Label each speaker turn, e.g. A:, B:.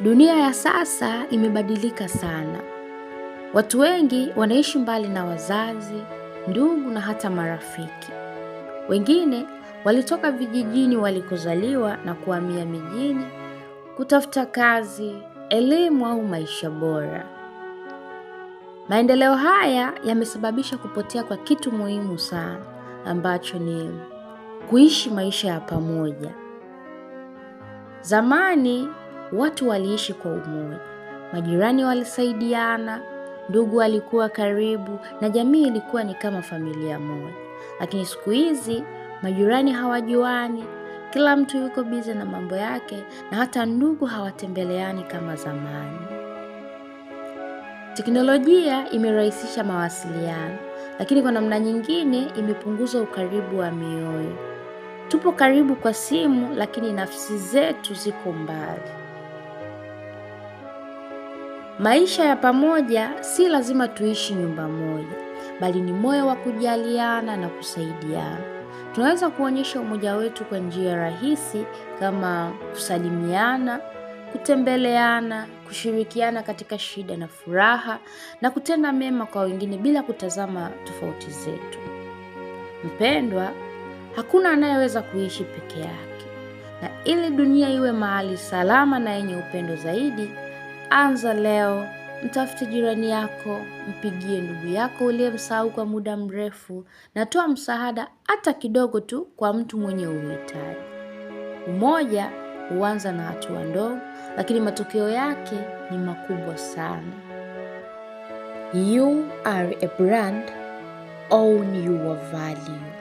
A: Dunia ya sasa imebadilika sana. Watu wengi wanaishi mbali na wazazi, ndugu na hata marafiki. Wengine walitoka vijijini walikozaliwa na kuhamia mijini kutafuta kazi, elimu au maisha bora. Maendeleo haya yamesababisha kupotea kwa kitu muhimu sana ambacho ni kuishi maisha ya pamoja. Zamani Watu waliishi kwa umoja, majirani walisaidiana, ndugu walikuwa karibu na jamii ilikuwa ni kama familia moja. Lakini siku hizi majirani hawajuani, kila mtu yuko bize na mambo yake, na hata ndugu hawatembeleani kama zamani. Teknolojia imerahisisha mawasiliano, lakini kwa namna nyingine imepunguza ukaribu wa mioyo. Tupo karibu kwa simu, lakini nafsi zetu ziko mbali. Maisha ya pamoja si lazima tuishi nyumba moja, bali ni moyo wa kujaliana na kusaidiana. Tunaweza kuonyesha umoja wetu kwa njia rahisi kama kusalimiana, kutembeleana, kushirikiana katika shida na furaha, na kutenda mema kwa wengine bila kutazama tofauti zetu. Mpendwa, hakuna anayeweza kuishi peke yake, na ili dunia iwe mahali salama na yenye upendo zaidi Anza leo, mtafute jirani yako, mpigie ndugu yako uliyemsahau kwa muda mrefu, na toa msaada hata kidogo tu kwa mtu mwenye uhitaji. Umoja huanza na hatua ndogo, lakini matokeo yake ni makubwa sana. You are a brand, own your value.